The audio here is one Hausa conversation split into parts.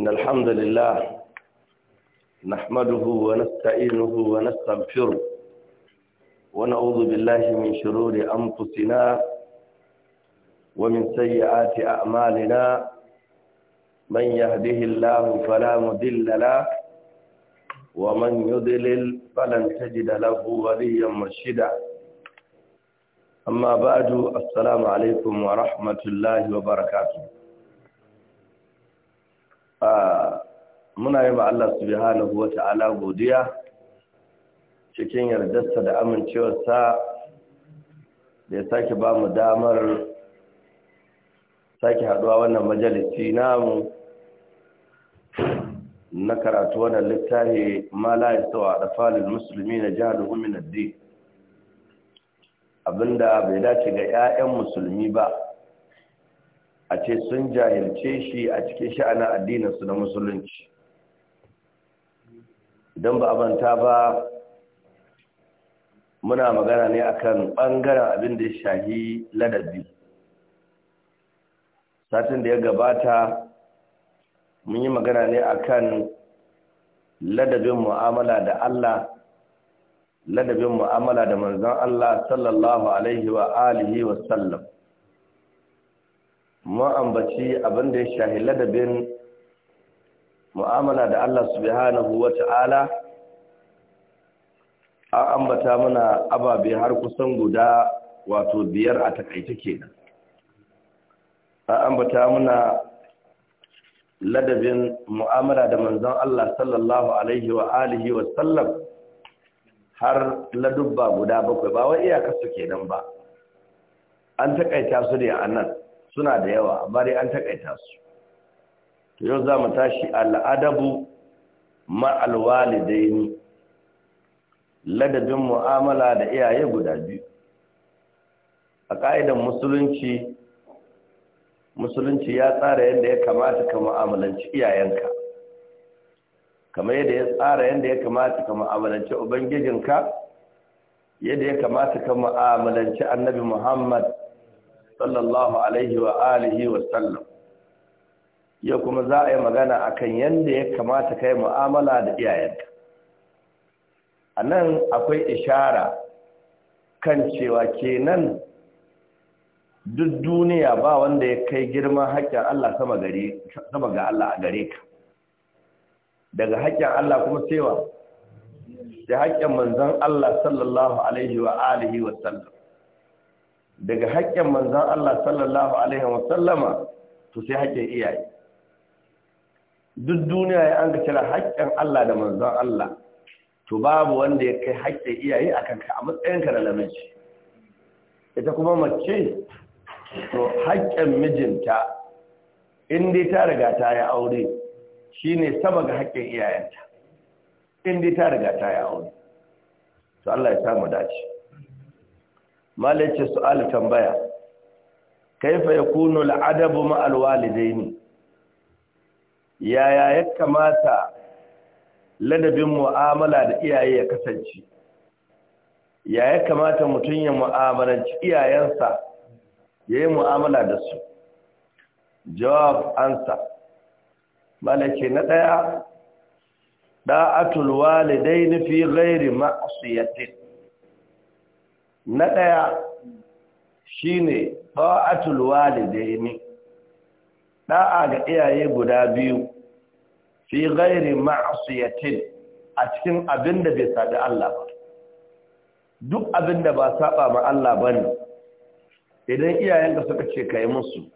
إن الحمد لله نحمده ونستعينه ونستغفره ونعوذ بالله من شرور أنفسنا ومن سيئات أعمالنا من يهده الله فلا مضل له ومن يضلل فلن تجد له وليا مرشدا أما بعد السلام عليكم ورحمة الله وبركاته muna yi Allah subhanahu wa ta'ala godiya cikin yardarsa da amincewarsa da ya sake ba mu damar sake haduwa wannan majalisi namu na karatu wannan littafi ma la yastawa da falil musulmi na jihar min ad-din abinda bai dace ga ƴaƴan musulmi ba a ce sun jahilce shi a cikin sha'anin addininsu na musulunci Don ba abanta ba muna magana ne akan ɓangaren abin da ya shahi ladabi satin da ya gabata mun yi magana ne akan ladabin mu'amala da Allah ladabin mu'amala da manzan Allah sallallahu alaihi wa alihi wa sallam Mu ambaci abin da ya shahi ladabin mu'amala da Allah subhanahu wa ta'ala an ambata muna ababe har kusan guda wato biyar a takaice kenan a ambata muna ladabin mu'amala da manzon Allah sallallahu alaihi wa alihi wa sallam har ladubba guda bakwai ba wai iyakar su kenan ba an takaita su ne a nan suna da yawa amma dai an takaita su to yau za mu tashi al'adabu ma'alwalidaini ladabin mu'amala da iyaye guda biyu a ƙa'idan musulunci musulunci ya tsara yadda ya kamata ka mu'amalanci iyayenka kamar yadda ya tsara yadda ya kamata ka mu'amalanci ubangijinka yadda ya kamata ka mu'amalanci annabi muhammad sallallahu alaihi wa alihi wa sallam ya kuma za a yi magana akan yadda ya kamata kai mu'amala da iyayenka a nan akwai ishara kan cewa kenan duk duniya ba wanda ya kai girman haƙƙin Allah sama ga Allah a gare ka daga haƙƙin Allah kuma cewa da haƙƙin manzon Allah sallallahu alaihi wa alihi wa sallam daga haƙƙin manzan Allah sallallahu alaihi wasallama to sai haƙƙin iyaye duk duniya ya an ga cira haƙƙin Allah da manzan Allah to babu wanda ya kai haƙƙin iyaye kan ka a matsayinka da namiji ita kuma mace to haƙƙin mijinta in dai ta riga ta yi aure shi ne sama ga haƙƙin iyayenta in dai ta riga ta yi aure to Allah ya samu dace malace su'al tambaya kaifa yakunu al'adabu ma alwalidaini yaya ya kamata ladabin mu'amala da iyaye ya kasance yaya kamata mutum ya mu'amalanci iyayensa ya yi mu'amala da su jawab ansa malace na daya da'atul walidaini fi ghairi ma'siyatin na ɗaya shi ne da walidaini ɗa'a ga iyaye guda biyu fi masu yatin a cikin abin da bai saɗi Allah ba duk abin da ba saɓa ma Allah ba ne idan iyayen da suka ce ka yi musu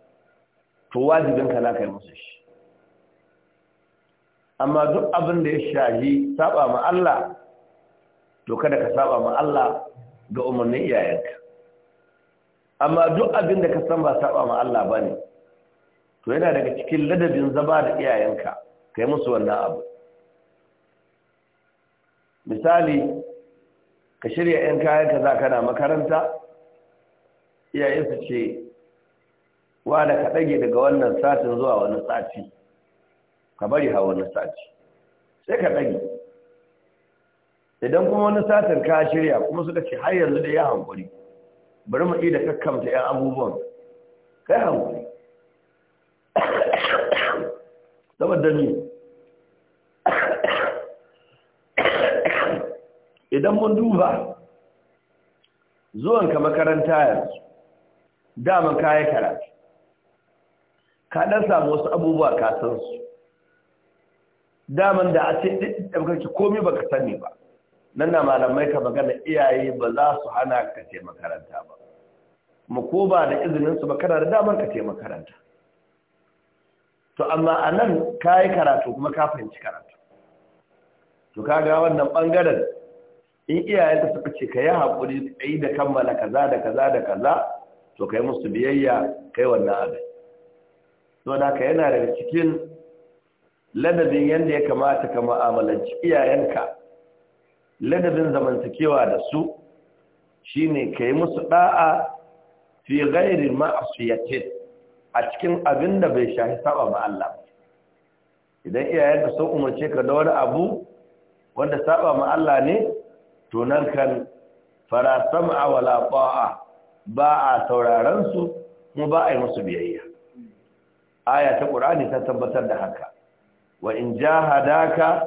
to ka na ka yi musu shi amma duk abin da ya shahi saɓa ma Allah to kada ka saɓa ma Allah ga umarnin iyayenka amma duk abin da ka san ba saba ma Allah bane, to yana daga cikin ladabin zaba da iyayenka ka yi musu wannan abu misali ka shirya 'yan kayanka za ka na makaranta iyaye ce wa da ka ɗage daga wannan satin zuwa wani sati ka bari ha wani sati sai ka ɗage idan kuma wani satin ka shirya kuma suka ce har yanzu da ya hankuri bari mu da kakkamta yan abubuwan kai hankuri saboda ni idan mun duba zuwanka makaranta yanzu dama kayi karatu ka dan samu wasu abubuwa ka san su daman da a ce ɗin ɗin ɗin komai baka sani ba nan na malamai ka magana iyaye ba za su hana ka ce makaranta ba mu ko ba da izinin su ba kana da damar ka ce makaranta to amma a nan ka yi karatu kuma ka fahimci karatu to ka ga wannan bangaren in iyayen suka ce ka yi haƙuri ka yi da kammala kaza da kaza da kaza to ka yi musu biyayya kai wannan abin da ka yana daga cikin ladabin yadda ya kamata ka ma'amalanci iyayenka ladabin zamantakewa da su shine yi musu ɗa'a fi ghairi ma'asiyati a cikin abin da bai shahi saba ba Allah idan iyayenka sun umarce ka da wani abu wanda saba ma Allah ne to nan kan fara sam'a wala ta'a ba a sauraron su kuma ba a yi musu biyayya aya ta qur'ani ta tabbatar da haka wa in jahadaka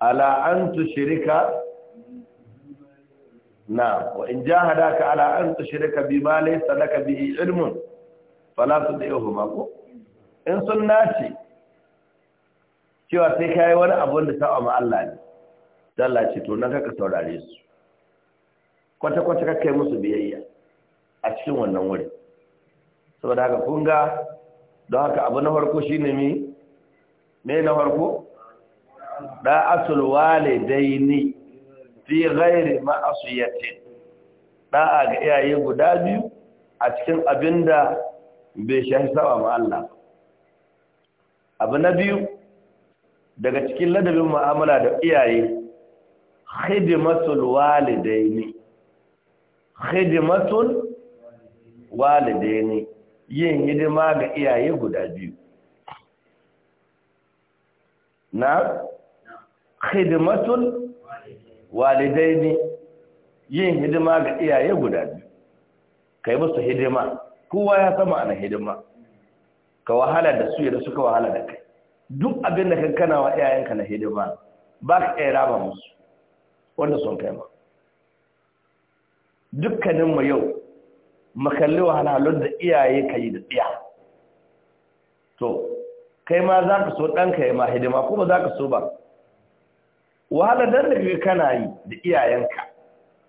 ala an tushrika na wa in jahadaka ala an tushrika bima laysa laka bihi ilmun fala tudihuma ko in sun cewa sai kai wani abu da sa'a ma Allah ne Allah ce to nan kaka saurare su kwata kwata kaka musu biyayya a cikin wannan wuri saboda haka kun ga don haka abu na farko shine mi me na farko da'atul walidaini fi ghairi Da a ga iyaye guda biyu a cikin abinda bai shahi sawa ma Allah abu na biyu daga cikin ladabin ma'amala da iyaye khidmatul walidaini khidmatul walidaini yin hidima ga iyaye guda biyu na khidmatul walidaini yin hidima ga iyaye guda biyu kai musu hidima kowa ya sama ana hidima ka wahala da su yadda suka wahala da kai duk abin da kankana wa iyayenka na hidima ba ka iya raba musu wanda sun kai ma dukkaninmu yau makalli wahalhalun da iyaye ka yi da tsiya to kai ma za ka so ɗanka ya ma hidima kuma za ka so ba dan da kake kana yi da iyayenka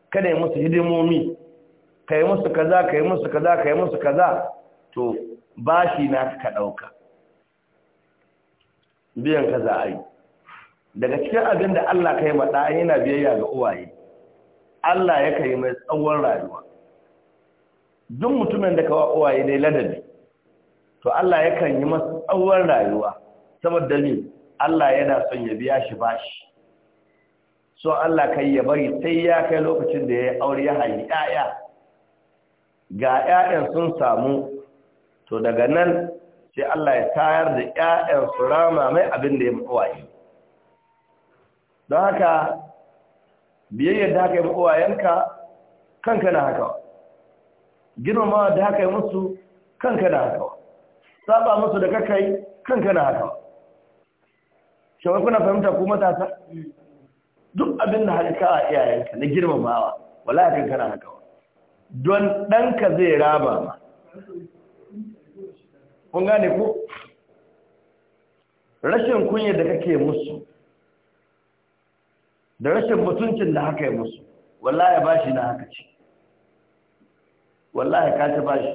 kada yi musu hidimomi ka yi musu kaza ka yi musu kaza ka yi musu kaza to bashi na ka dauka biyan kaza ai daga cikin abin da Allah kai ma da yana biyayya ga uwaye Allah ya kai mai tsawon rayuwa duk mutumin da kawa uwaye dai ladabi to Allah ya kan yi masa tsawon rayuwa saboda ni Allah yana son ya biya shi bashi so Allah kai ya bari sai ya kai lokacin da ya yi aure ya haifi ƴaƴa ga ƴaƴan sun samu to daga nan sai Allah ya tayar da ƴaƴan su rama mai abin da ya mawaye don haka biyayyar da haka yi mawayenka kanka na haka girmamawa da haka yi musu kanka na haka saba musu da kakai kanka na haka shawar kuna fahimta ku matasa mm. duk abin da halika a iyayenka na girmamawa wala ka kana haka wa? don ɗanka zai raba ma kun gane ku? rashin kunya da kake musu da rashin mutuncin da haka yi musu wallahi bashi na haka ce Wala ya kata bashi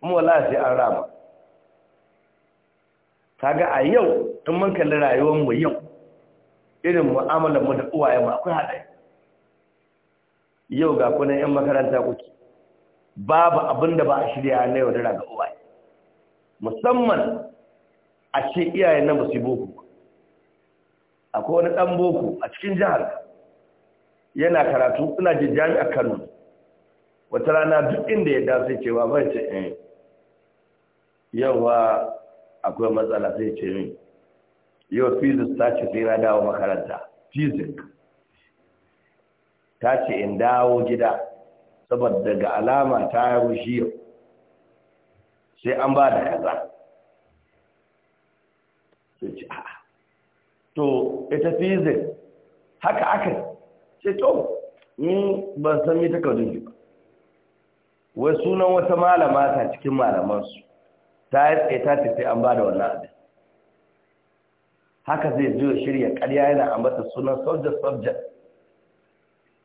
kuma ya sai an raba kaga a yau tun mun kalli rayuwar mu yau irin mu'amalar mu da uwaye mu akwai haɗari yau ga kunan 'yan makaranta kuke babu abin da ba a shirya na yau da ga uwaye musamman a ce iyaye na ba su boko akwai wani ɗan boko a cikin jihar yana karatu suna jin jami'ar kano wata rana duk inda ya dace cewa bai ce yawa eh, akwai matsala sai ce min hmm. yau physics ta ce sai na dawo makaranta fizik ta ce in dawo gida saboda daga alama ta rushe yau sai an ba da kaza sai ce a to ita fizik haka aka ce to ni ban san mi takardun ba wai sunan wata malama ta cikin malamansu ta yi tsaye ta ce sai an ba da wannan abin haka zai zo shirya ƙarya yana a mata sunan soldier soldier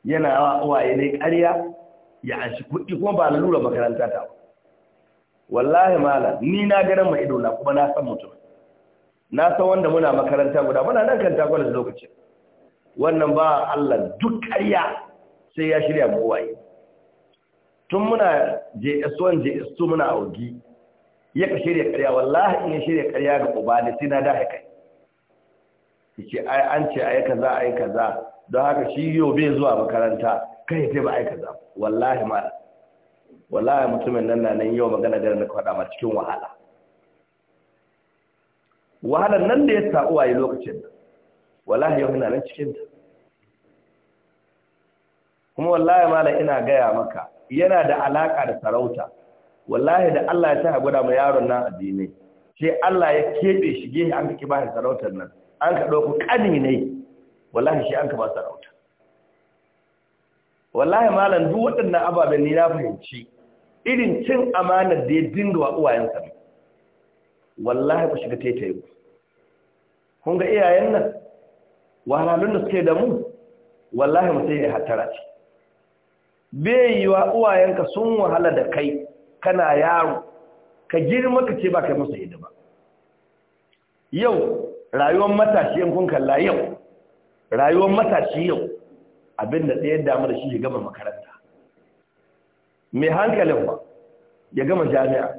yana waye ne ƙarya ya anshi kuɗi kuma ba lura makaranta ta wallahi mala ni na ganin mai ido na kuma na san mutum na san wanda muna makaranta guda muna nan kan takwa da lokaci wannan ba Allah duk ƙarya sai ya shirya mu waye tun muna JS1 JS2 muna augi ya ka shirya ƙarya wallahi in ya shirya ƙarya ga uba ne sai na da kai yake ai an ce ai kaza ai kaza don haka shi yau bai zuwa makaranta kai sai ba ai kaza wallahi ma wallahi mutumin nan na nan yau magana da na faɗa ma cikin wahala wahalar nan da ya sa yi lokacin nan wallahi yau ina nan cikin ta kuma wallahi malam ina gaya maka yana da alaka da sarauta wallahi da Allah ya ta guda ma yaron nan addinai sai Allah ya kebe shi gehe an kike ba sarautar nan an ka ɗauku ƙani ne wallahi shi an ka ba sarauta wallahi malam duk waɗannan ababen ni na fahimci irin cin amanar da ya dinga wa uwayensa ne wallahi ku shiga taitaye ku kun ga iyayen nan wahalalun da suke da mu wallahi mu sai ya hatara ce bai yi wa uwayenka sun wahala da kai kana yaro ka girma ka ce ba kai musu ba. yau rayuwar matashi yin kun kalla yau rayuwar matashi yau abinda ɗaya damar da shi ya gama makaranta mai hankalin ba ya gama jami'a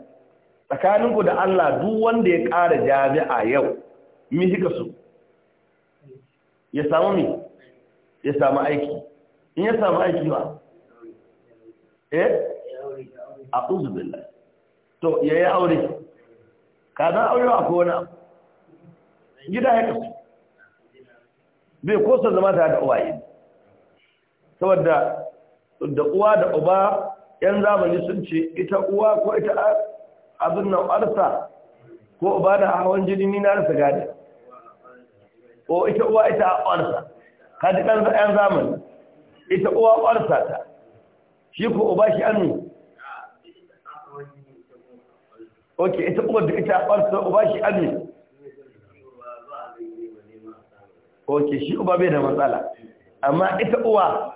tsakaninku da Allah duk wanda ya ƙara jami'a yau mi hika su ya samu mi ya samu aiki in ya samu aiki ba eh a uzubillah to ya yi aure ka zan aure a kowane abu gida ya kasu bai kosa zama ta da uwaye saboda da uwa da uba yan zamani sun ce ita uwa ko ita abin na arsa ko uba da hawan jini ni na rasa gada ko ita uwa ita arsa ka ɗan yan zamani ita uwa arsa ta shi ko uba shi an ok ita uwa da ita arsa uba shi an ok shi uba bai da matsala amma ita uwa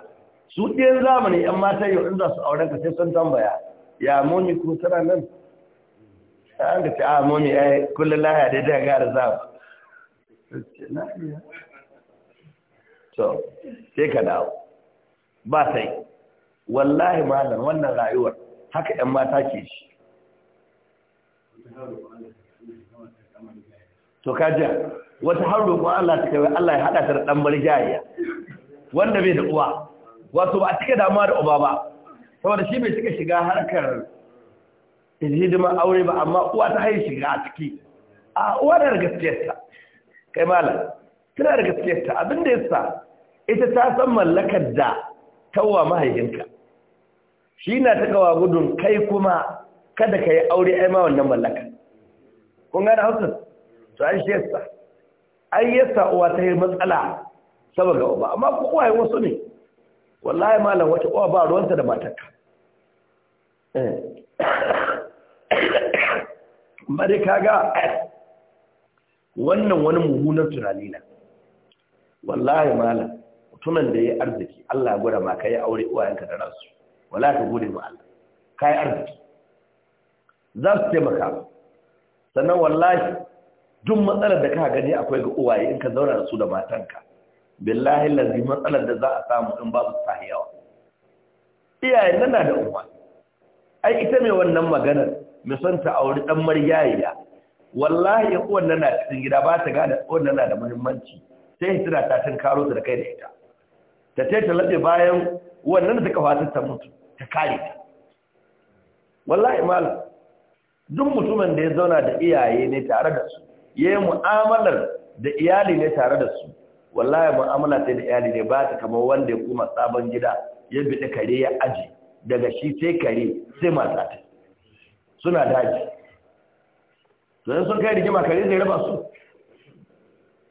su ɗiyan zamani ‘yan mata yau in za su auren ka sai sun tambaya ya moni ku tana nan ta an ka ce a moni ya yi kullum lahaya dai daga gara zamu so sai ka dawo ba sai wallahi malam wannan rayuwar haka ‘yan mata ke shi to kajiya wata har roƙon Allah ta kai Allah ya hada ta da dan marjayiya wanda bai da uwa wato ba a cika damuwa da uba ba saboda shi bai cika shiga harkar hidima aure ba amma uwa ta haihu shiga a ciki a uwa da gaskiyarta kai malam tana da gaskiyarta abin da yasa ita ta san mallakar da tawwa mahaifinka shi na ta kawa gudun kai kuma kada ka yi aure ai ma wannan mallaka kun gane hausa to an shi yasa ai yasa uwa ta yi matsala saboda uba amma ku uwaye wasu ne wallahi malam wata uwa ba ruwanta da matarka bari eh. kaga wannan wani mummunar tunani na wallahi malam mutumin da ya arziki Allah ya gura ma ka yi aure uwayenka da rasu wallahi ka gode ma Allah ka yi arziki za su taimaka sannan wallahi duk matsalar da ka gani akwai ga uwaye in ka zauna da su da matanka billahi lazi matsalar da za a samu in babu sahiyawa iyayen nan na da uwa ai ita mai wannan maganar ta auri dan maryayiya wallahi ya uwan nana na cikin gida ba ta gane uwan nana na da muhimmanci sai hitina ta tun karo da kai da ita ta ce ta lade bayan wannan da ta kafa ta mutu ta kare ta wallahi malam duk mutumin da ya zauna da iyaye ne tare da su yi mu'amalar da iyali ne tare da su wallahi mu'amala sai da iyali ne ba ta kamar wanda ya kuma sabon gida ya bidi kare ya aji daga shi sai kare sai mata ta suna daji to yanzu sun kai rigima kare zai raba su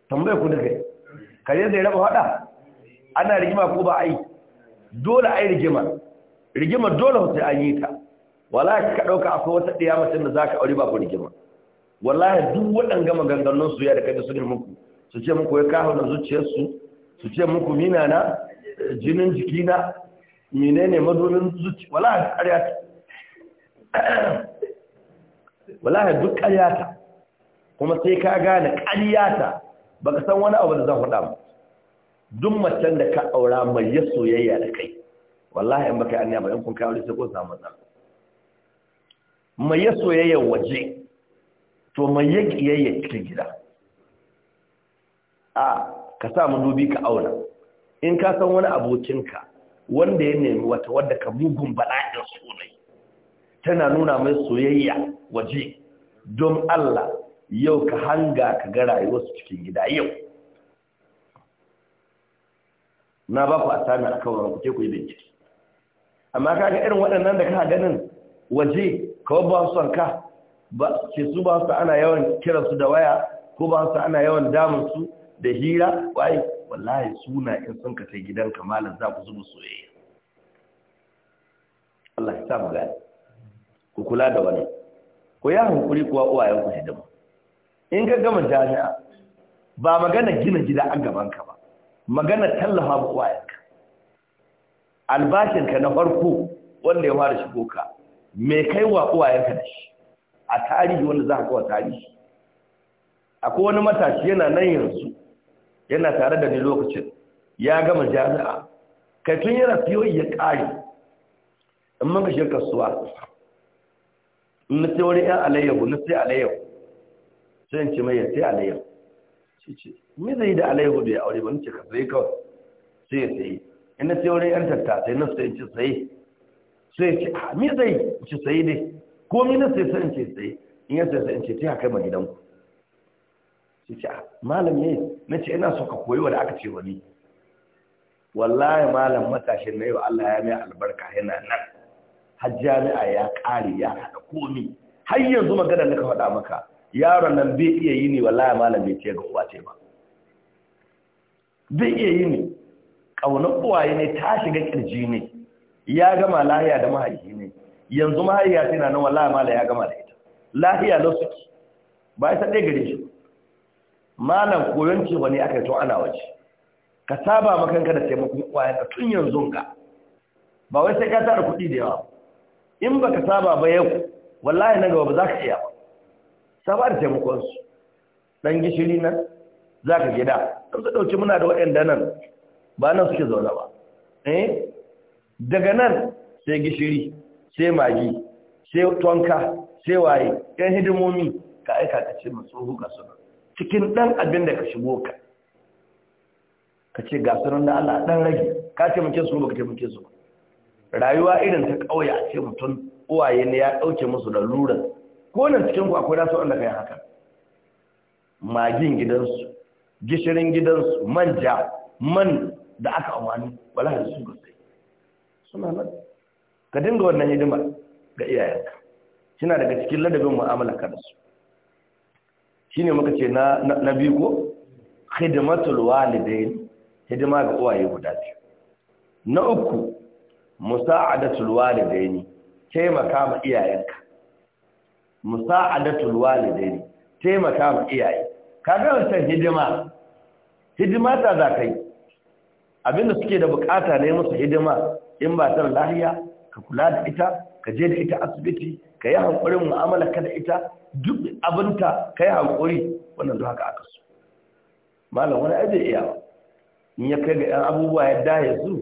tambaye ku duka kare zai raba hada ana rigima ko ba ai dole ai rigima rigima dole sai an yi ta wallahi ka dauka akwai wata diyama tun da zaka aure ba ku rigima wallahi duk waɗanga maganganun su ya da kai su muku su ce muku ya kawo na zuciyarsu su ce muku mina na jinin jikina menene madonin zuci wallahi ƙarya ta wallahi duk ƙarya ta kuma sai ka gane ƙarya ta baka san wani abu da zan faɗa ba duk macen da ka aura mai ya soyayya da kai wallahi in baka yi anniya ba in kun kawo sai ko samu matsala mai ya soyayya waje to mai ya ƙiyayya cikin gida a ka sa madubi ka auna in ka san wani abokinka wanda ya nemi wata wadda ka mugun bala'in sunai tana nuna mai soyayya waje don Allah yau ka hanga ka yi wasu cikin gida yau na ba ku asami a kawo ku ku yi bincike amma kaga irin waɗannan da ka ganin waje ka ba su ka ba ce su ba su ana yawan kiransu da waya ko ba su ana yawan damun su da hira wai wallahi suna in sun ka sai gidanka malam za ku zuba soyayya Allah ya sa mu gani ku kula da wani ku ya hankuri kuwa uwayen ku hidima in ka gama jami'a ba magana gina gida a gaban ka ba magana tallafa ba uwayenka albashinka na farko wanda ya fara shigo ka me kai wa uwayenka da shi a tarihi wanda za a kawo tarihi akwai wani matashi yana nan yanzu yana tare da ni lokacin ya gama jami'a kai tun yana fiye ya ƙari in maka shi kasuwa na sai wani yan alayyahu na sai alayyahu sai in ce mai ya sai alayyahu shi ce me zai yi da alayyahu da ya aure ba ce ka sai kawai sai ya sai in na sai wani yan tattasai na sai ya ce sai ah, sai ce me zai ci sai dai komi na sai sai ce tsaye in ya sai sai ce ta kai ma gidanku sai ce ah, malam ne na ce ina so ka koyi da aka ce wani wallahi malam matashin na yau Allah ya mai albarka yana nan har jami'a ya kare ya hada komi har yanzu magana da ka faɗa maka yaron nan bai iya yi ne wallahi malam bai ce ga uwa ce ba bai iya yi ne ƙaunar uwaye ne ta shiga kirji ne ya gama lahiya da mahaifi ne yanzu mahaiya tana nan wallahi malai ya gama da ita lahiya lo suke ba ya sadai gare shi malam koyon ce wani aka yi tun ana waje ka saba makanka da taimakon kwayan ka tun yanzu ka ba wai sai ka tara kuɗi da yawa in baka saba ba yau wallahi na gaba ba za ka iya ba saba da taimakon su dan gishiri nan za ka gida don su ɗauki muna da waɗanda nan ba nan suke zaune ba eh daga nan sai gishiri sai magi sai tonka sai waye ɗan hidimomi ka aika ka ce masu huka su cikin ɗan abin da ka shigo ka ka ce ga sunan da Allah ɗan rage ka ce muke su ba ka ce muke su rayuwa irin ta ƙauye a ce mutum uwaye ne ya ɗauke musu da lura ko nan cikin ku akwai rasu wanda ka yi haka magin gidansu gishirin gidansu manja man da aka amfani wala da su ga sai suna nan ka dinga wannan hidima ga iyayenka shina daga cikin ladabin mu'amala ka da su shine muka ce na na biyu ko khidmatul walidain hidima ga uwaye guda biyu na uku musa'adatul walidaini taimaka ma iyayenka musa'adatul walidaini taimaka ma iyaye ga wannan hidima hidima ta zakai abinda suke da bukata ne musu hidima in ba ta lahiya ka kula da ita ka je da ita asibiti ka yi hankulin mu'amala ka da ita duk abinta ka yi hankuri wannan duk haka aka so malam wani aje iya ba in ya kai ga yan abubuwa ya ya su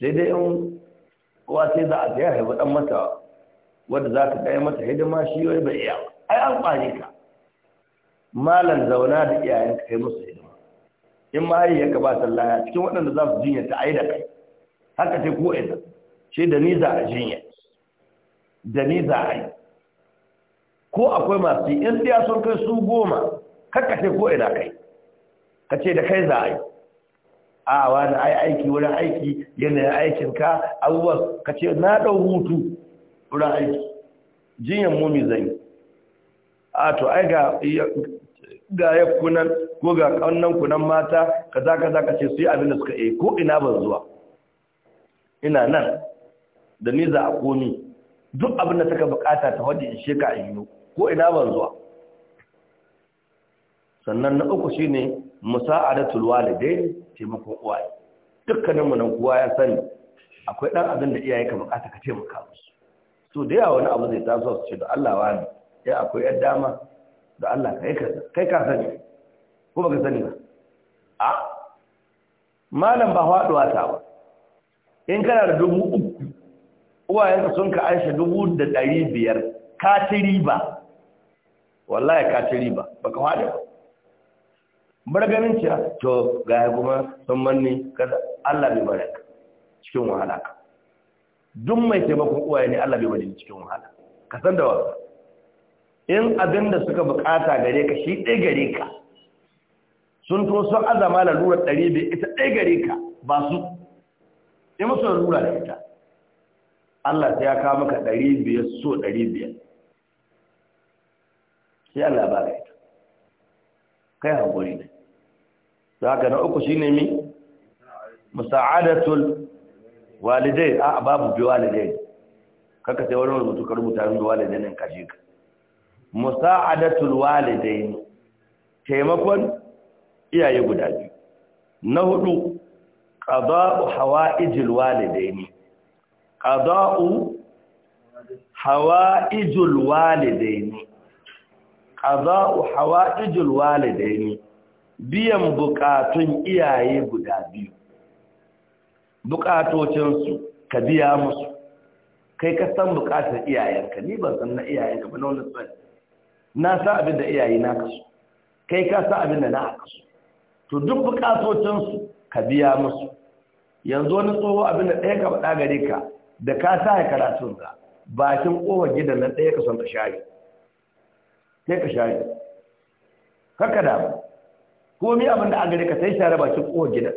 sai dai yan kowa sai za a tsaya haifu dan mata wadda za ka kai mata hidima shi yau bai iya ba ai an kwani ka malam zauna da iyayen ka kai musu hidima in ma ya gabata laya cikin waɗanda za su jinya ta aida kai haka sai ko ina ce da ni za a jinya da ni za a yi ko akwai masu in ɗaya sun kai su goma kakkace ko ina kai ka ce da kai za a yi a wani ai aiki wurin aiki yanayin aikinka abubuwa ka ce na ɗau hutu wurin aiki jinyan mumi zai yi a to ai ga ga kunan ko ga kannan kunan mata kaza kaza kace su yi abin da suka yi ko ina ban zuwa ina nan da me za a komi duk abin da ka bukata ta wadda ishe ka a yiwu ko ina ban zuwa sannan na uku shi shine musa'adatul walidain taimakon uwaye dukkaninmu nan kuwa ya sani akwai ɗan abin da iyaye ka bukata ka taimaka musu so da yawa wani abu zai taso su ce da Allah wani ya akwai yar dama da Allah kai ka kai ka sani ko ka sani ba a malam ba faduwa ta ba in kana da dubu uku uwayensa sun ka aisha dubu da ɗari biyar ka riba wallahi ka riba ba ka faɗi ba margarin cewa to ga ya kuma sun manni kada Allah bai bari ka cikin wahala ka duk mai taimakon uwaye ne Allah bai bari cikin wahala ka san da wasu in abin da suka bukata gare ka shi ɗaya gare ka sun to sun azama lalurar ɗari biyar ita ɗaya gare ka ba su yi musu lalura da ita Allah sai ya kawo maka ɗari biyar so ɗari biyar sai Allah ba ita kai haƙuri ne za ka na uku shine mi musa'adatul walidai a babu biyu walidai kaka sai wani rubutu ka rubuta min da walidai nan kashe ka musa'adatul walidai ne taimakon iyaye guda biyu na hudu hawa ijil walidai ne. qada'u hawa'ijul walidaini qada'u hawa'ijul walidaini biyan bukatun iyaye guda biyu bukatocinsu ka biya musu kai ka san bukatar iyayenka ni ban san na iyayenka ba na wani tsari na sa abin da iyaye na kasu kai ka sa abin da na kasu to duk bukatocinsu ka biya musu yanzu wani tsoho abin da ɗaya ka faɗa gare ka da ka sa ya karatun ka bakin kowar gidan nan ɗaya ka son ka shayi sai ka shayi karka da ba ko mi abin da agare gari ka sai share bakin kowar gidan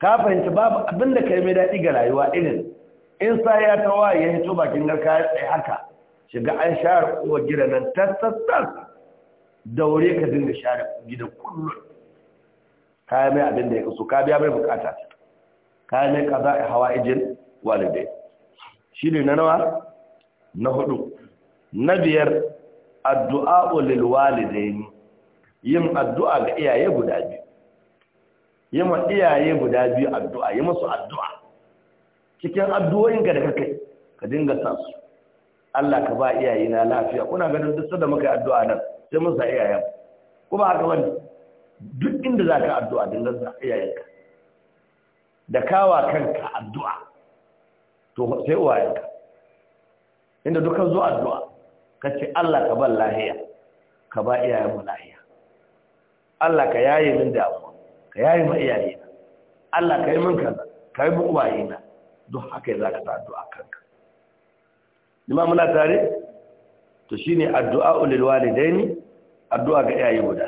ka fahimci babu abin da ka yi mai daɗi ga rayuwa irin in sa ya ta waye ya hito bakin garka ya tsaye haka shiga an share kowar gidan nan tattattas daure ka dinga share gidan kullum yi mai abin da ya kasu ka biya mai bukata ta yi mai kaza a hawa ijin walidai shi ne na nawa na hudu na biyar addu'a ulil walidaini yin addu'a ga iyaye guda biyu yi ma iyaye guda biyu addu'a yi masu addu'a cikin addu'o'in ga da kai, ka dinga sa su Allah ka ba iyaye na lafiya kuna ganin duk sanda muka yi addu'a nan sai mun sa iyayen kuma haka wani duk inda za ka addu'a dinga sa iyayenka da kawa kanka addu'a to sai uwayenka inda dukkan zo addu'a ka ce Allah ka ban lahiya ka ba iyayenmu lahiya Allah ka yaye min damuwa ka yaye ma iyayena Allah ka yi min kaza ka yi min na duk haka za ka ta addu'a kanka lima muna tare to shine addu'a ulil walidaini addu'a ga iyaye guda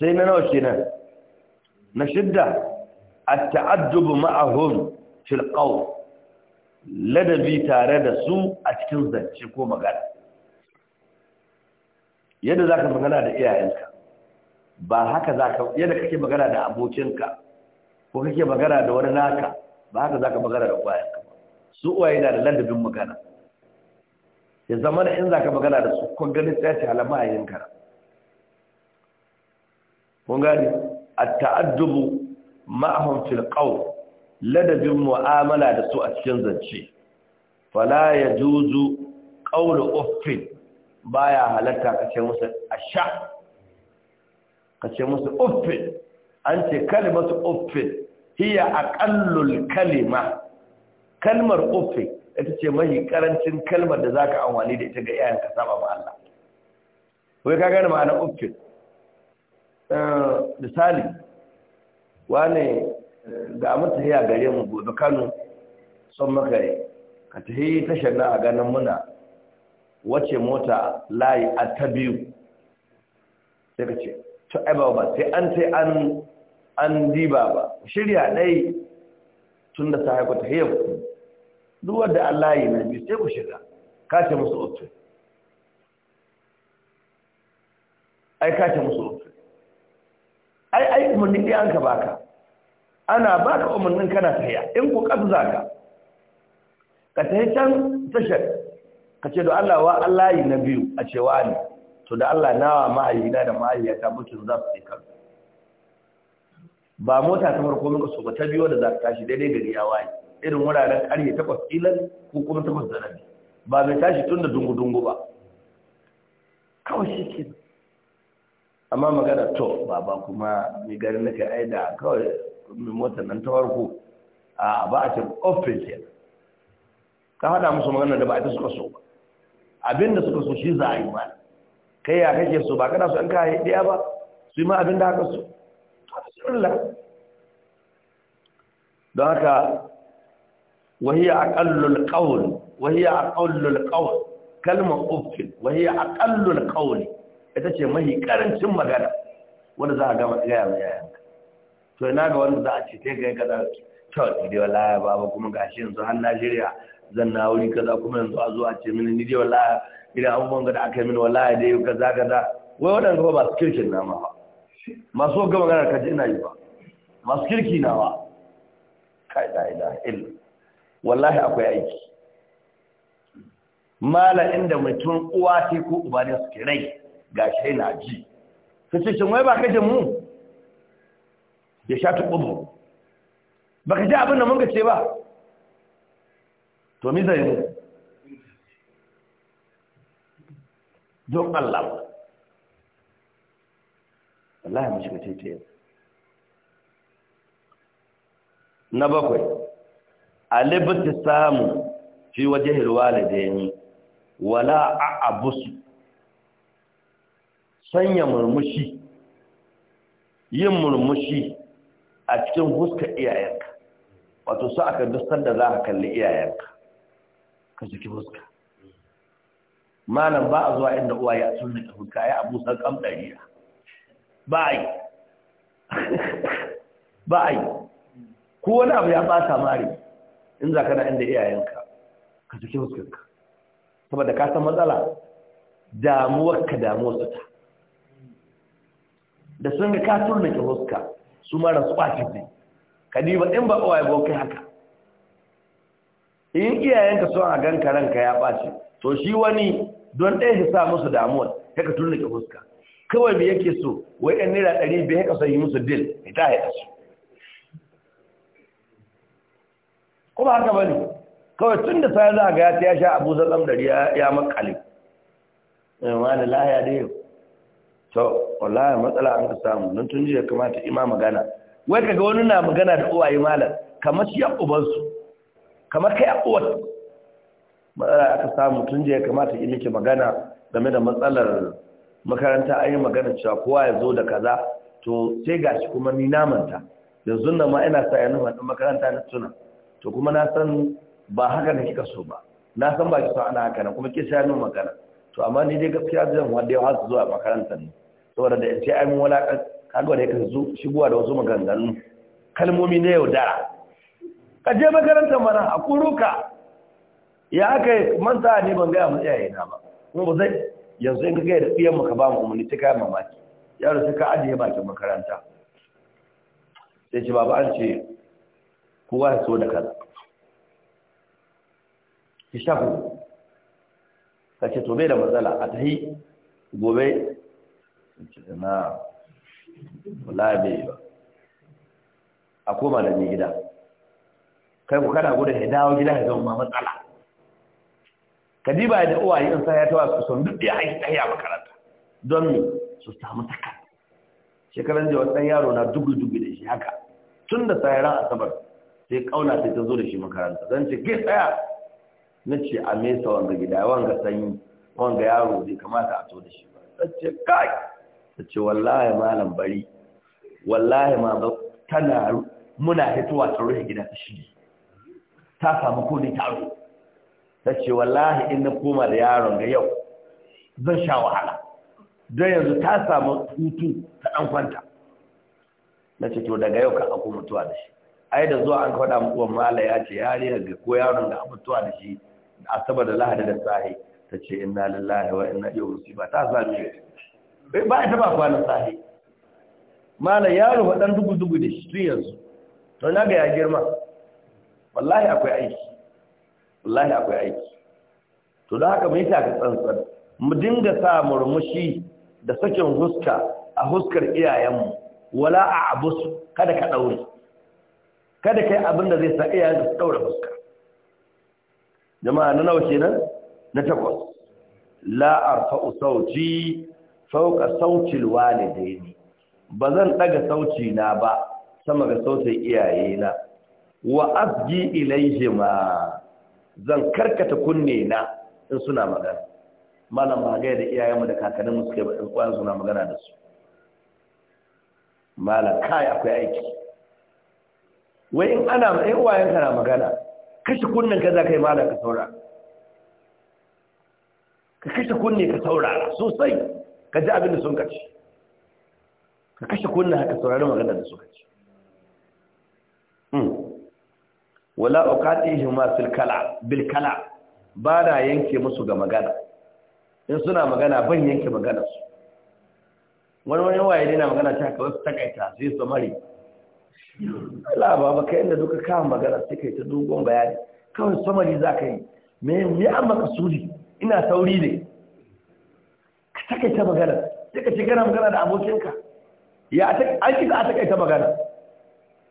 sai na nawa kenan na shidda at-ta'addub ma'ahum fil qawl ladabi tare da su a cikin zance ko magana yadda za ka magana da iyayenka ba haka za ka yadda kake magana da abokinka ko kake magana da wani naka ba haka za ka magana da uwayenka ba su uwaye na da ladabin magana ya zama da in za ka magana da su kun gani tsaye halama a yin kara kun gani a ta'addubu ma'ahun filƙau ladabin mu'amala da su a cikin zance fala ya juzu ƙaunar uffin baya halatta kace musu asha kace musu uffin an ce kalmatu uffin hiya aqallul kalima kalmar uffin ita ce mai karancin kalmar da zaka amfani da ita ga ka saba ba Allah wai ka gane ma'anar uffin eh, misali wane ga mutu ya gare mu gobe Kano son makare ka tafi tashar na a ganin muna wace mota layi a ta biyu sai ka ce to ai ba ba sai an sai an an diba ba shirya dai tun da ta haiku ta hiyar ku duk wanda allah layi na biyu sai ku shiga ka ce musu otu ai ka ce musu otu ai ai umarni ɗaya an ka baka ana ba da umarnin kana tahiya in ku za ka ka tahi can tashar ka ce da Allah wa Allah yi na biyu a cewa ne to da Allah nawa mahaifina da mahaifiyata mutu za su ce kan ba mota ta farko muka so ba ta biyo da za ta tashi daidai gari ya waye irin wuraren ƙarye takwas ilan ko kuma takwas da rabi ba mai tashi tun da dungu-dungu ba kawai shi ke amma magana to ba ba kuma mai garin na kai aida kawai motar nan ta farko a ba a ce ofin ke ka haɗa musu magana da ba ta suka so ba abinda suka so shi za a yi ba kai ya kake so ba kana so an kayi daya ba su yi ma abinda haka so don haka wahiyar akallul ƙaun wahiyar akallul kawul kalmar ofin wahiyar akallul kawul ita ce mahi karancin magana wanda za a gama gaya mai yayanka to ina ga wanda za a ce ta ga kaza to ni dai wallahi baba kuma gashi yanzu har Najeriya shirya zan na wuri kaza kuma yanzu a zo a ce mini ni dai wallahi idan abubuwan ga da aka yi mini wallahi dai kaza kaza wai waɗanda ba masu kirkin nama ba masu ga maganar kaji ina yi ba masu kirki na ba kai da ila illa wallahi akwai aiki mala inda mutum uwa ko uba ne suke rai gashi na ji sai ce wai ba kaje mu ya sha tukunmu ba ka ji abin da mun ce ba to mi zai mu don Allah ba Allah ya mashi kace ce na bakwai alibta samu fi da walidaini wala a Abusu. sanya murmushi yin murmushi a cikin huska iyayenka wato su aka dustar da za ka kalli iyayenka ka suke huska malam ba a zuwa inda uwaye a sunna ka huska ya abu san kam ba a yi ba a yi ko wani abu ya ɓata mari in za ka na inda iyayenka ka suke huskarka saboda ka san matsala damuwarka su ta da sun ga ka turnuke huska su mara su ne su kadiba in ba uwaye ba kai haka in iyayenka son a ganka ranka ya ɓace to shi wani don ɗaya shi sa musu damuwa ya ka tunnuke fuska kawai me yake so wai ɗan naira ɗari biyu ya sai yi musu dil ya ta haɗa su kuma haka ba ne kawai tun da sa za ga ya ta yasha sha abu zaɓen ɗari ya makale da lahiya da yau to wallahi matsala an ka samu nan tun jiya kamata ima magana wai kaga wani na magana da uwaye malam kamar shi uban su kamar kai uwar matsala aka samu tun jiya kamata yi miki magana game da matsalar makaranta an yi magana cewa kowa ya zo da kaza to sai gashi kuma ni namanta yanzu nan ma ina sa yana wannan makaranta na tuna to kuma na san ba haka da kika so ba na san ba ki so ana haka nan kuma ki sa magana to amma ni dai gaskiya zan wanda ya hasu zuwa makarantar ne saboda da yace ai mun wala kaga da yake shigowa da wasu maganganu kalmomi ne yaudara ka je makarantar mana a kuruka ya aka manta ne ban gaya mun iyaye na ba kuma ba zai yanzu in ka gaya da iyan maka ba mu umarni ta kayan mamaki yaro sai ka ajiye bakin makaranta sai ce baba an ce kowa ya so da kaza ki shafu ka ce to bai da matsala a tahi gobe na wallahi ba a koma da mai gida kai ku kada gudun ya dawo gida ya zama matsala ka diba da uwaye in sa ya tawa su son duk da ya haiki ɗaya makaranta don me su samu taka shekaran jiwa ɗan yaro na dugu-dugu da shi haka tun da tsayaran asabar sai kauna sai ta zo da shi makaranta zan ce ke tsaya na ce a mesa wanga gida wanga sanyi wanga yaro zai kamata a to da shi ba ce kai ta ce wallahi malam bari wallahi ma ba tana muna hitowa ta rufe gida ta shige ta samu kone taro ta ce wallahi in na koma da yaron ga yau zan sha wahala don yanzu ta samu hutu ta dan kwanta na ce to daga yau ka ako mutuwa da shi ai da zuwa an kaɗa uwan mala ya ce yari ga ko yaron da abutuwa da shi asabar da lahadi da sahi ta ce ina lillahi wa iya wuce ba ta sami bai ba ta ba kwana sahi na yaro wa ɗan dugu dugu da shi yanzu to na ga ya girma wallahi akwai aiki wallahi akwai aiki to da haka mai taka tsantsan mu dinga sa murmushi da sakin huska a huskar iyayenmu wala a abus kada ka ɗaure. kada kai abin da zai sa iyayen da su ɗaure huska jama'a na nawa kenan na takwas la arfa'u sauti fawqa sauti alwalidaini bazan daga sauti na ba sama ga sautin iyaye na wa asji ilaihima zan karkata kunne na in suna magana malam magaya da iyayenmu da kakanninmu mu suke ba in kwayan suna magana da su malam kai akwai aiki wai in ana in wayanka na magana kashe kunnen ka za ka yi mala ka saura. ka kashe kunne ka saurara sosai ka ji abin da sun kaci ka kashe kunne ka saurari magana da sun kaci hmm. wala uqatihim ma fil kala bil kala ba da yanke musu ga magana in suna magana ban yanke magana su wani wani waye ne na magana ta ka wasu takaita sai su mari Allah ba baka inda duka kawo magana sai yi ta dogon bayani kawai samari za ka yi me me an maka suri ina sauri ne ka takaita magana sai ka ce magana da abokinka ya an kita a takaita magana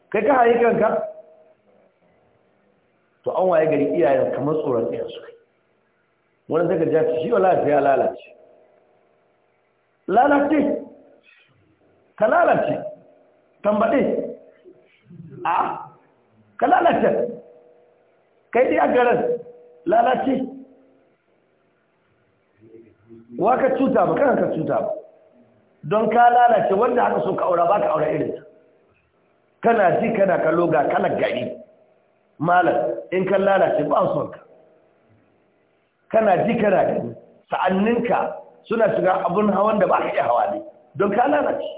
kai ka haye kanka to an waye gari iyayen kamar tsoron iyayen su wani daga jaci shi wa lalace ya lalace lalace ka lalace tambaɗe a ka lalata kai dai a garin lalace wa ka cuta ba kan ka cuta ba don ka lalace wanda aka so ka aura ba ka aura irinta kana ji kana kallo ga kalar gari malam in kan lalace ba son ka kana ji kana gani sa'anninka suna shiga abun hawan da ba ka iya hawa ne don ka lalace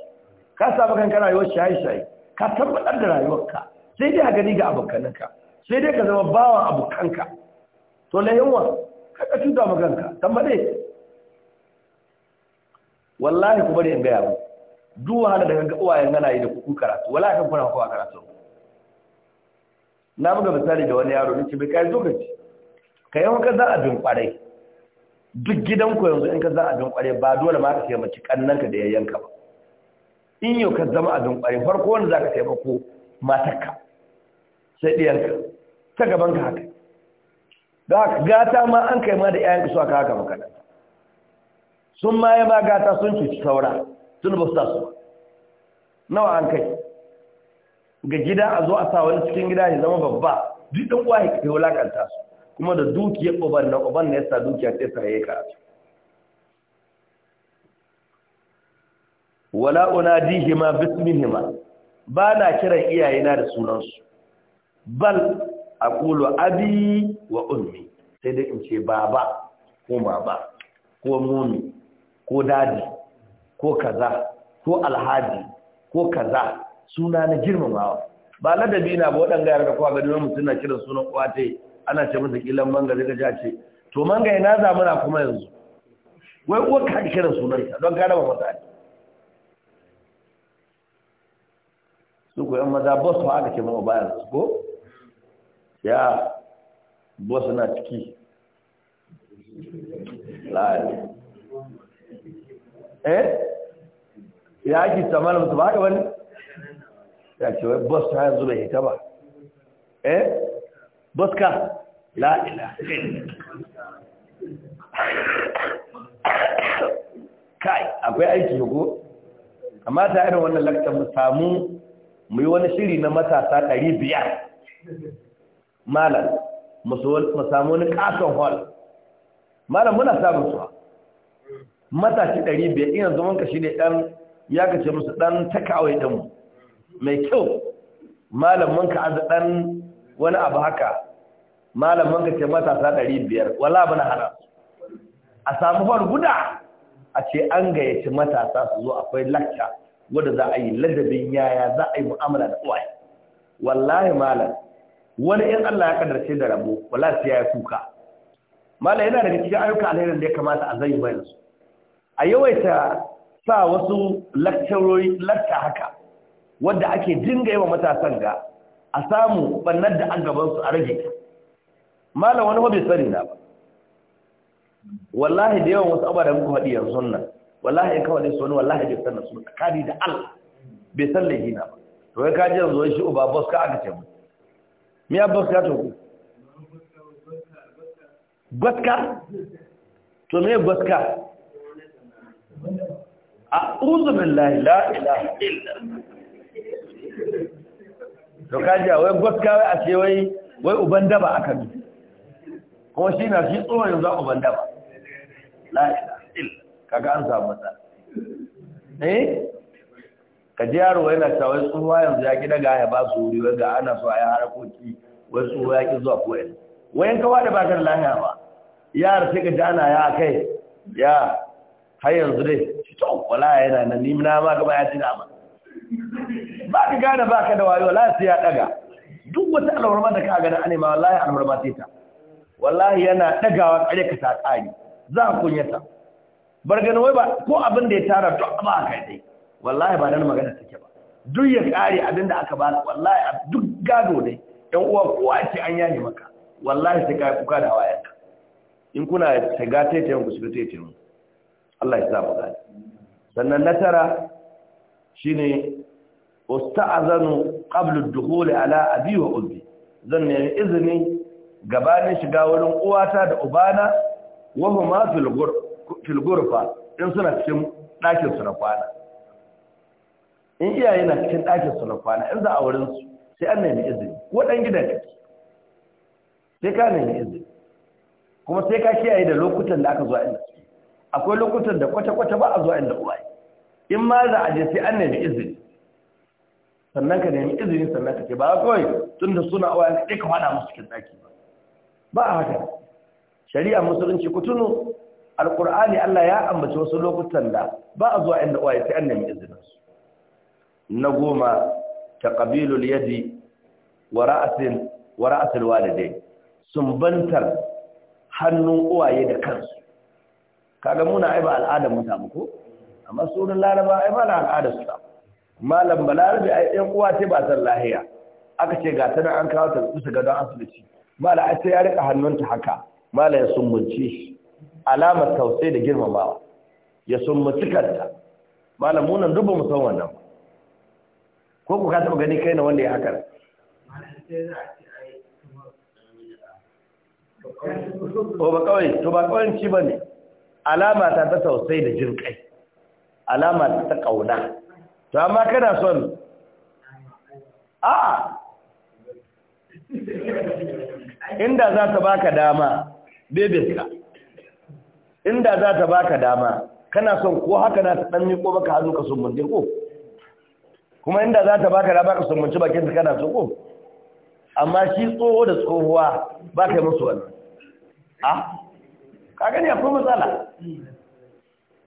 ka kana kankana yawon shaye-shaye ka tabbatar da rayuwarka sai dai a gani ga abokananka sai dai ka zama bawa abokanka to la yawa ka cuta maganka tambaye wallahi ku bari in gaya mu duk wahala daga ga uwaye gana yi da kuku karatu wallahi kan kuna kowa karatu na buga misali da wani yaro nake bai kai zo ka ci ka yi wanka za a bin kwarai duk gidanku yanzu in ka za a bin kwarai ba dole ma ka sai mace kannanka da yayyanka ba in yau ka zama abin ƙwari farko wanda za ka taimako matakka sai ɗiyarka ta gaban ka haka da haka gata ma an kai ma da ƴayanka su aka haka makaranta sun ma ya ma gata sun cuci saura sun ba su taso nawa an kai ga gida a zo a sa wani cikin gida ya zama babba duk ɗan ƙwaye ya kai wulakanta su kuma da dukiyar uban na uban na ya sa dukiya ta yi karatu wala unadihima bismihima ba na kiran iyayena da sunansu bal aqulu abi wa ummi sai dai in ce baba ko mama ko mummy ko dadi ko kaza ko alhaji ko kaza suna na girmamawa ba ladabi na ba waɗanda yara da kowa gani wani na kiran sunan uwa ta ana ce masa kilan manga zai ja ce to manga ina na kuma yanzu wai uwa ka kiran sunanta don ka raba mutane? su ko yan maza boss ma aka ce mawa bayan su ko ya boss na ciki lai eh ya ake tsamar mutu ba ka wani ya ce wai boss ta yanzu bai hita ba eh boss ka la kai akwai aiki ko amma ta irin wannan lakta mu samu mu yi wani shiri na matasa ɗari biyar malam mu samu wani ƙaton hall malam muna samun suwa matashi ɗari biyar ina zaman ka shi ne ɗan ya kace musu ɗan takawai ɗinmu mai kyau malam mun ka aza ɗan wani abu haka malam mun ka ce matasa ɗari biyar wala bana hana a samu hall guda a ce an gayyaci matasa su zo akwai lecture wanda za a yi ladabin yaya za a yi mu'amala da uwaye wallahi malam wani in Allah ya kadarce da rabo wallahi sai ya kuka malam yana daga cikin ayyukan alheri da ya kamata a zai bayar su a yawaita sa wasu lakcarori lakta haka wanda ake dinga yawa matasan ga a samu bannar da an gaban su a rage malam wani bai sani na ba wallahi da yawan wasu abada muku haɗi yanzu nan wallahi in kawai su wani wallahi bai sanna su tsakani da Allah bai san na ba to ya kaji zuwa shi uba boss ka aka ce mu mi ya boss ka to boss ka to me gaska a'udhu billahi la ilaha illa to ji wai ka wai a ce wai wai uban daba aka bi kuma shi na shi tsoro yanzu uban daba la ilaha kaga an samu masa. eh ka ji yaro yana cewa wai tsuwa yanzu ya gida ga ya ba su wuri wai ga ana so a yi harakoki wai su ya ki zuwa ko yanzu wayan kawa da bakar ta lahiya ba yara sai ka jana ya kai ya har yanzu dai shi to wala yana nan ni na ma gaba ya tina ma ba ka gane ba ka da wayo wala sai ya daga duk wata alwarma da ka gani anima wallahi alwarma sai ta wallahi yana dagawa kare ka ta tsari. za ku kunyata bargano wai ba ko abin da ya tara to ba ka dai wallahi ba nan magana take ba duk ya kare abin da aka ba wallahi duk gado dai ɗan uwa kowa ce an yaye maka wallahi sai kai kuka da hawayenka in kuna shiga taitayen ku shiga taitayen Allah ya sa mu gani sannan na tara shine usta'azanu qablu ad-dukhul ala abi wa ummi zan ne izini gabanin shiga wurin uwata da ubana wa huma fil ghurb filgurfa in suna cikin ɗakin su na kwana in iyaye na cikin ɗakin su na kwana in za a wurinsu sai an nemi izini ko ɗan gidan ka sai ka nemi izini kuma sai ka kiyaye da lokutan da aka zuwa inda suke akwai lokutan da kwata-kwata ba a zuwa inda uwa in ma za a je sai an nemi izini sannan ka nemi izini sannan ka ce ba kawai tun da suna uwa ka ka faɗa musu cikin ɗaki ba ba a haka shari'a musulunci ku tuno Alƙur'ani Allah ya ambaci wasu lokutan da ba a zuwa inda waye sai an nemi izinin su na goma ta ƙabilul yadi wa ra'sin wa ra'sul walidai sumbantar hannun uwaye da kansu kaga muna ai ba al'adar mu samu ko amma sunan laraba ai ba al'adar su malam balarabi ai ɗan uwa ce ba san lahiya aka ce ga tana an kawo ta bisa gadon asibiti mala ai sai ya rika hannunta haka mala sun sumbunce shi alamar tausai da girmamawa ya summaci kanta malam munan nan duba san wannan ko ku ka taɓa gani kai na wanda ya haka ko ba kawai to ba kawai ci bane alama ta ta tausai da jinkai alama ta ta kauna to amma kana son a'a inda za ta baka dama bebe ka inda za ta baka dama kana son ko haka na ta dan miko baka hannu ka sumbunce ko kuma inda za ta baka dama ka sumbunce bakin ta kana so ko amma shi tsoho da tsohuwa ba ka yi musu wani. ah ka gani a kuma matsala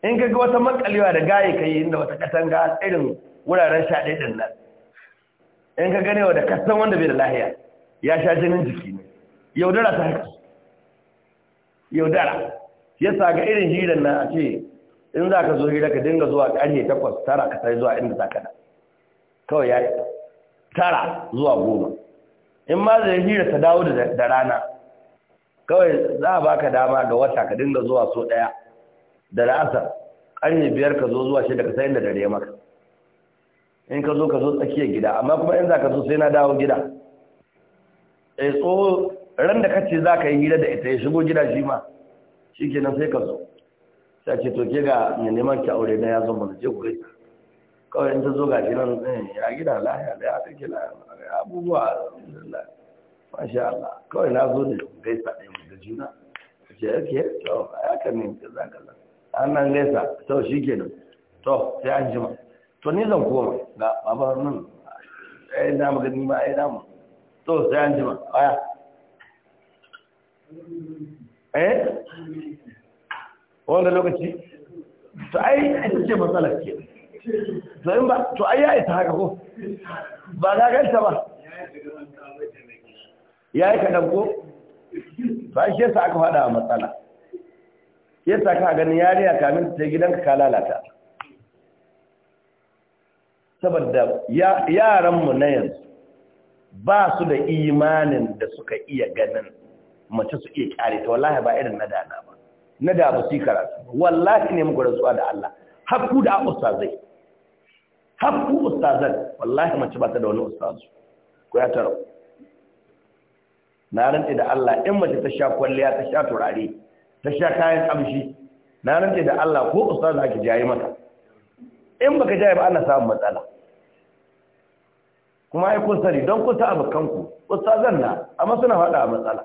in ka ga wata makalewa da gaye ka yi inda wata katanga irin wuraren sha ɗin nan in ka ganewa da kasan wanda bai da lahiya ya sha jinin jiki ne yaudara ta haka yaudara yasa ga irin hirar na a ce in za ka zo hira ka dinga zuwa ƙarye takwas tara ka sai zuwa inda za ka da kawai ya tara zuwa goma in ma zai hira ta dawo da rana kawai za a baka dama ga wata ka dinga zuwa so ɗaya da rasa ƙarye biyar ka zo zuwa da ka sai inda dare maka in ka zo ka zo tsakiyar gida amma kuma in za ka zo sai na dawo gida e tsoho ran da kace za ka yi hira da ita ya shigo gida shi ma shi kenan sai ka zo sai ce to ke ga mai neman ki aure na ya zo mana je gure ta kawai in ta zo ga nan eh, ya gida lahiya da ya kake lahiya abubuwa alhamdulillah masha Allah kawai na zo ne gaisa ɗaya mu da juna ce yake to ya ka ne ka za ka lan an nan gaisa to shi kenan to sai an jima to ni zan koma ga baba nan ai da mu gani ma ai da mu to sai an jima aya eh wanda lokaci to ai ita ce matsala ke to in ba to ai ya isa haka ko ba ga ganta ba ya yi kaɗan ko ba shi yasa aka faɗa a matsala yasa ka ganin yariya kamin ta gidanka ka lalata saboda yaranmu na yanzu ba su da imanin da suka iya ganin mace su iya kyare ta wallahi ba irin na dana ba na da ba su karatu wallahi ne muku rantsuwa da Allah hakku da ustazai hakku ustazan wallahi mace ba ta da wani ustazu ko ya taro na rantsi da Allah in mace ta sha kwalliya ta sha turare ta sha kayan kamshi na rantsi da Allah ko ustazu ake jayi mata in baka jayi ba ana samun matsala kuma ai kun sani don kun sa abokanku ustazan na amma suna faɗa a matsala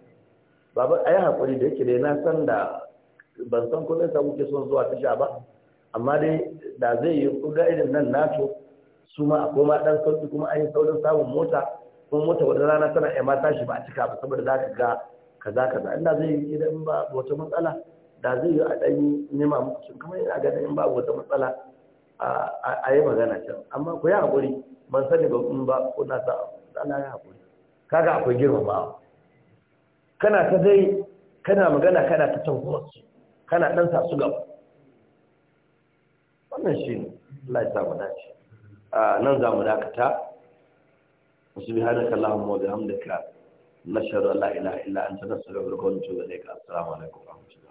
baba ayi hakuri da yake dai na san da ban san ko zai muke son zuwa tasha ba amma dai da zai yi kuga irin nan nato su ma akwai ma dan sauki kuma an yi saurin samun mota kuma mota wata rana tana iya ma tashi ba a cika ba saboda za ka ga kaza kaza ina zai yi idan ba wata matsala da zai yi a ɗan nema muku kuma ina ganin in ba wata matsala a yi magana can amma ku yi haƙuri ban sani ba kun ba kuna sa Allah ya haƙuri kaga akwai girmamawa kana ta dai kana magana kana ta tauhuwarsu kana ɗan sa su gaba wannan shi ne Allah ya mu dace nan za mu dakata subhanaka allahumma wa bihamdika nashhadu an la ilaha illa anta nastaghfiruka wa natubu ilayka assalamu alaikum wa rahmatullahi